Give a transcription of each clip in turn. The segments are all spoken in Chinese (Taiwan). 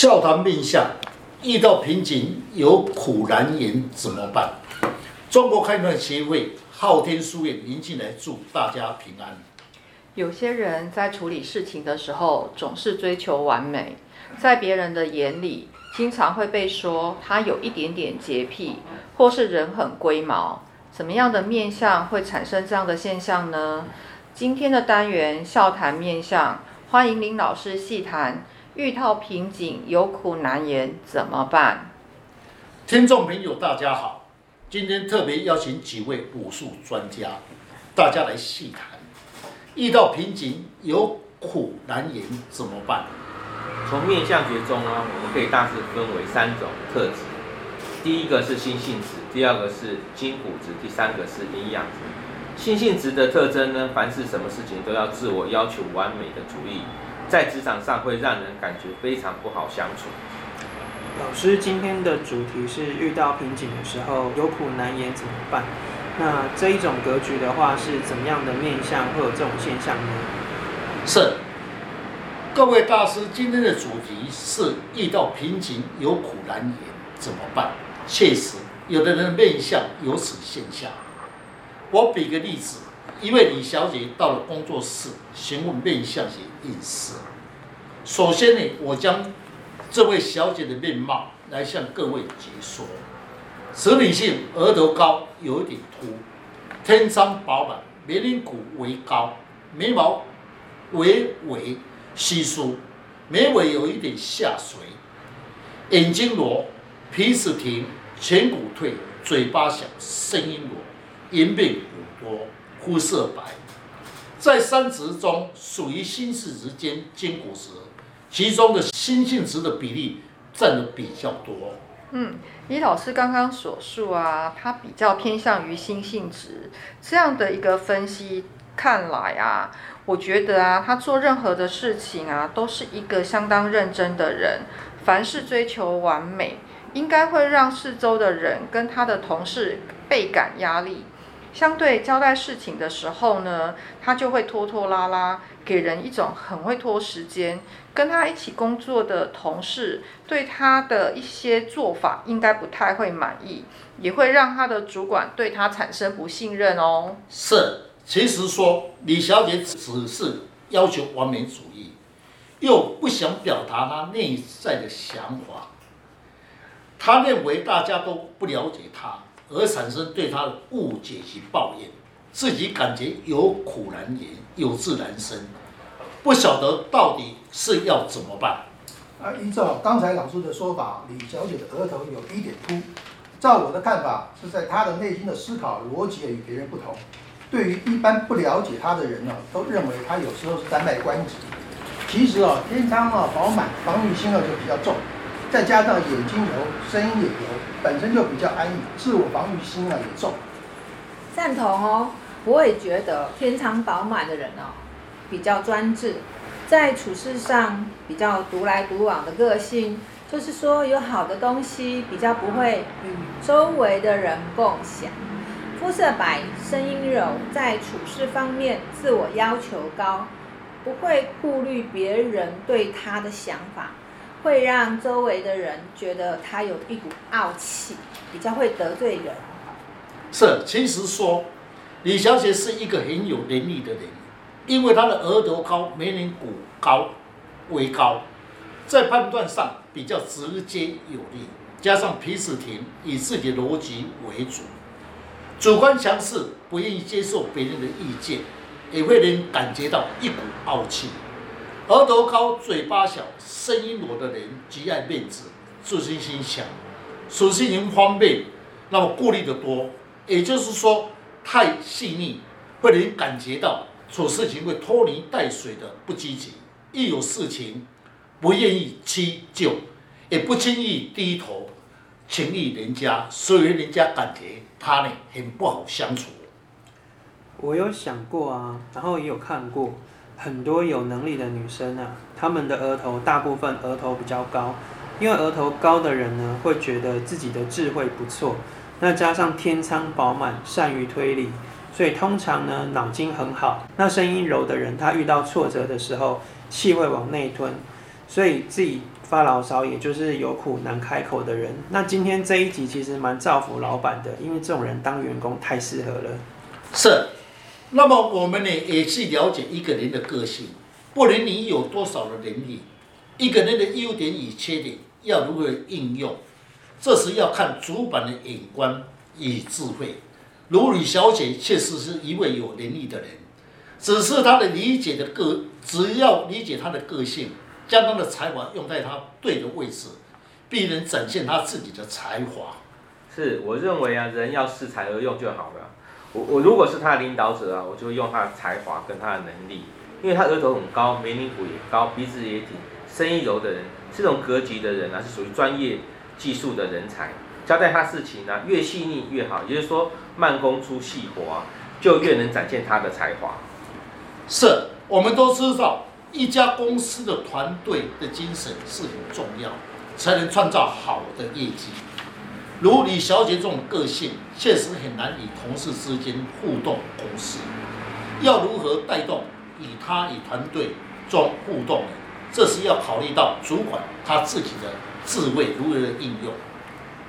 笑談面相，遇到瓶頸有苦難言怎麼辦？中國堪輿協會昊天書院林進來祝大家平安。有些人在處理事情的時候總是追求完美，在別人的眼裡，經常會被說他有一點點潔癖，或是人很龜毛。怎麼樣的面相會產生這樣的現象呢？今天的單元笑談面相，歡迎林老師細談。遇到瓶頸有苦難言怎麼辦？聽眾朋友大家好，今天特別邀請幾位武術專家，大家來細談。遇到瓶頸有苦難言怎麼辦？從面相學中呢，我們可以大致分為三種特質。第一個是心性質，第二個是筋骨質，第三個是營養質。心性質的特徵呢，凡是什麼事情都要自我要求完美的主義。在職場上會讓人感覺非常不好相處。老師今天的主題是遇到瓶頸的時候有苦難言怎麼辦？那這一種格局的話是怎麼樣的面相會有這種現象呢？是，各位大師今天的主題是遇到瓶頸有苦難言怎麼辦？確實，有的人面相有此現象。我比個例子。一位李小姐到了工作室，詢問面相及運勢。首先呢，我將這位小姐的面貌來向各位解說。此女性額頭高，有一點凸，天倉飽滿，眉稜骨微高，眉毛微微稀疏，眉尾有一點下垂，眼睛裸，鼻子挺，顴骨退，嘴巴小，聲音落，言病骨多。膚色白，在三質中屬於心性質兼兼筋骨質，其中的心性質的比例佔的比較多。嗯，林老師剛剛所述啊，他比較偏向於心性質這樣的一個分析，看來啊，我覺得啊，他做任何的事情啊，都是一個相當認真的人，凡事追求完美，應該會讓四周的人跟他的同事倍感壓力。相對交代事情的時候呢，他就會拖拖拉拉，給人一種很會拖時間。跟他一起工作的同事，對他的一些做法應該不太會滿意，也會讓他的主管對他產生不信任哦。是，其實說，李小姐只是要求完美主義，又不想表達她內在的想法。她認為大家都不了解她。而產生對他的誤解及抱怨，自己感覺有苦難言，有志難伸，不曉得到底是要怎麼辦。啊，依照剛、啊、才老師的說法，李小姐的額頭有一點凸，照我的看法，是在她的內心的思考邏輯也與別人不同。對於一般不了解她的人呢、啊，都認為她有時候是在賣關子。其實啊，天倉啊飽滿，防禦心呢就比較重。再加上眼睛柔，聲音也柔，本身就比較安逸，自我防御心啊也重。贊同哦，我也覺得天倉飽滿的人哦，比較專制，在處事上比較獨來獨往的個性，就是說有好的東西比較不會與周圍的人共享。膚色白，聲音柔，在處事方面自我要求高，不會顧慮別人對他的想法。會讓周圍的人覺得他有一股傲氣，比較會得罪人。是，其實說李小姐是一個很有能力的人，因為他的額頭高、眉稜骨高、微高，在判斷上比較直接有力。加上鼻子挺，以自己邏輯為主，主觀強勢，不願意接受別人的意見，也會讓人感覺到一股傲氣。額頭高、嘴巴小、聲音弱的人，極愛面子，自信心強，做事情方便，那麼顧慮的多。也就是說，太細膩，會能感覺到做事情會拖泥帶水的，不積極。一有事情，不願意屈就，也不輕易低頭，情意人家，所以人家感覺他呢很不好相處。我有想過啊，然後也有看過。很多有能力的女生啊，她們的額頭大部分額頭比較高，因為額頭高的人呢，會覺得自己的智慧不錯。那加上天倉飽滿，善於推理，所以通常呢腦筋很好。那聲音柔的人，他遇到挫折的時候，氣會往內吞，所以自己發牢騷，也就是有苦難開口的人。那今天這一集其實蠻造福老闆的，因為這種人當員工太適合了。是。那麼我們呢，也去了解一個人的個性。不論你有多少的能力，一個人的優點與缺點要如何應用，這是要看主管的眼光與智慧。如呂小姐確實是一位有能力的人，只是她的理解的個，只要理解她的個性，將她的才華用在她對的位置，必能展現她自己的才華。是，我認為啊，人要適才而用就好了。我我如果是他的領導者啊，我就會用他的才華跟他的能力，因為他額頭很高，眉骨也高，鼻子也挺，聲音柔的人，這種格局的人啊，是屬於專業技術的人才，交代他事情呢、啊，越細膩越好，也就是說慢工出細活啊，就越能展現他的才華。是我們都知道，一家公司的團隊的精神是很重要，才能創造好的業績。如李小姐這種個性，確實很難與同事之間互動。公司同事要如何帶動與她與團隊做互動呢？這是要考慮到主管他自己的智慧如何的應用。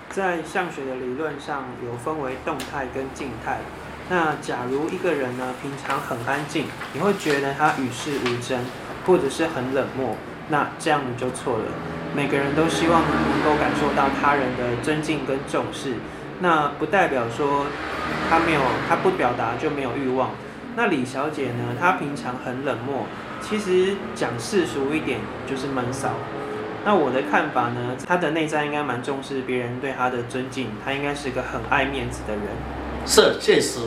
在相學的理論上，有分為動態跟靜態。那假如一個人呢，平常很安靜，你會覺得他與世無爭，或者是很冷漠，那這樣你就錯了。每個人都希望能夠感受到他人的尊敬跟重視，那不代表說他沒有，他不表達就沒有欲望。那李小姐呢？她平常很冷漠，其實講世俗一點就是悶騷。那我的看法呢？她的內在應該蠻重視別人對她的尊敬，她應該是個很愛面子的人。是，確實。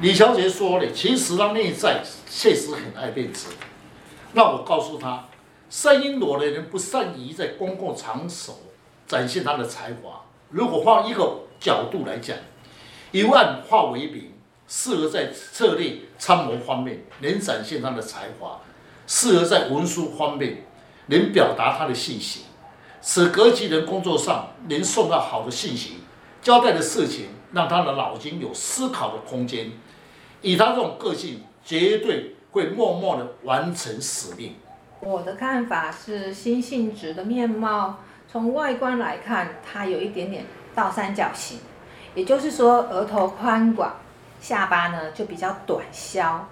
李小姐說的，其實她內在確實很愛面子。那我告訴她。三音鑼的人不善於在公共場所展現他的才華。如果換一個角度來講，以萬化為零，適合在策略參謀方面能展現他的才華，適合在文書方面能表達他的信息，使各級人工作上能送到好的信息，交代的事情讓他的腦筋有思考的空間。以他這種個性，絕對會默默地完成使命。我的看法是，心性質的面貌，從外觀來看，它有一點點倒三角形，也就是說，額頭寬廣，下巴呢就比較短削，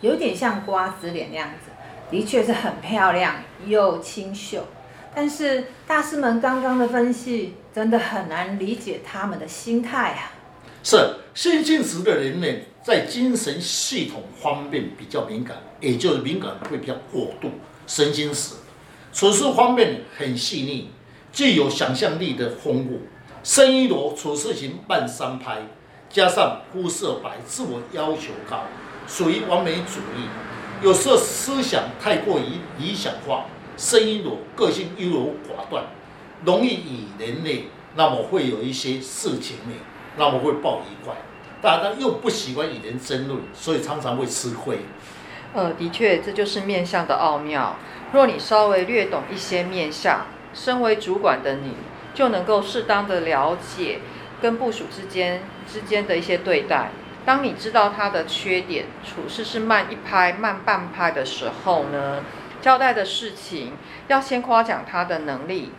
有點像瓜子臉那樣子，的確是很漂亮又清秀。但是大師們剛剛的分析，真的很難理解他們的心態啊。是心性質的人呢，在精神系統方面比較敏感，也就是敏感會比較過度。神經史處事方面很細膩，具有想象力的豐富。聲音弱，處事情半三拍，加上膚色白，自我要求高，屬於完美主義。有時候思想太過於理想化，聲音弱，個性優柔寡斷，容易與人類，那麼會有一些事情，那麼會爆一塊。大家又不喜歡與人爭論，所以常常會吃虧。呃，的確，這就是面相的奧妙。若你稍微略懂一些面相，身為主管的你，就能夠適當的了解跟部屬之間之間的一些對待。當你知道他的缺點，處事是慢一拍，慢半拍的時候呢，交代的事情要先誇獎他的能力，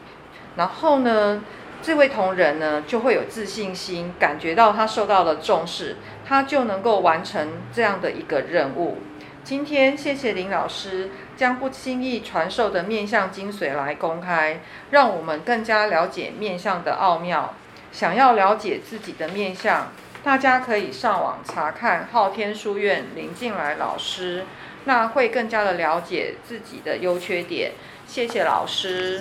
然後呢，這位同仁呢就會有自信心，感覺到他受到了重視，他就能夠完成這樣的一個任務。今天，謝謝林老師將不輕易傳授的面相精髓來公開，讓我們更加了解面相的奧妙。想要了解自己的面相，大家可以上網查看昊天書院林進來老師，那會更加的了解自己的優缺點。謝謝老師。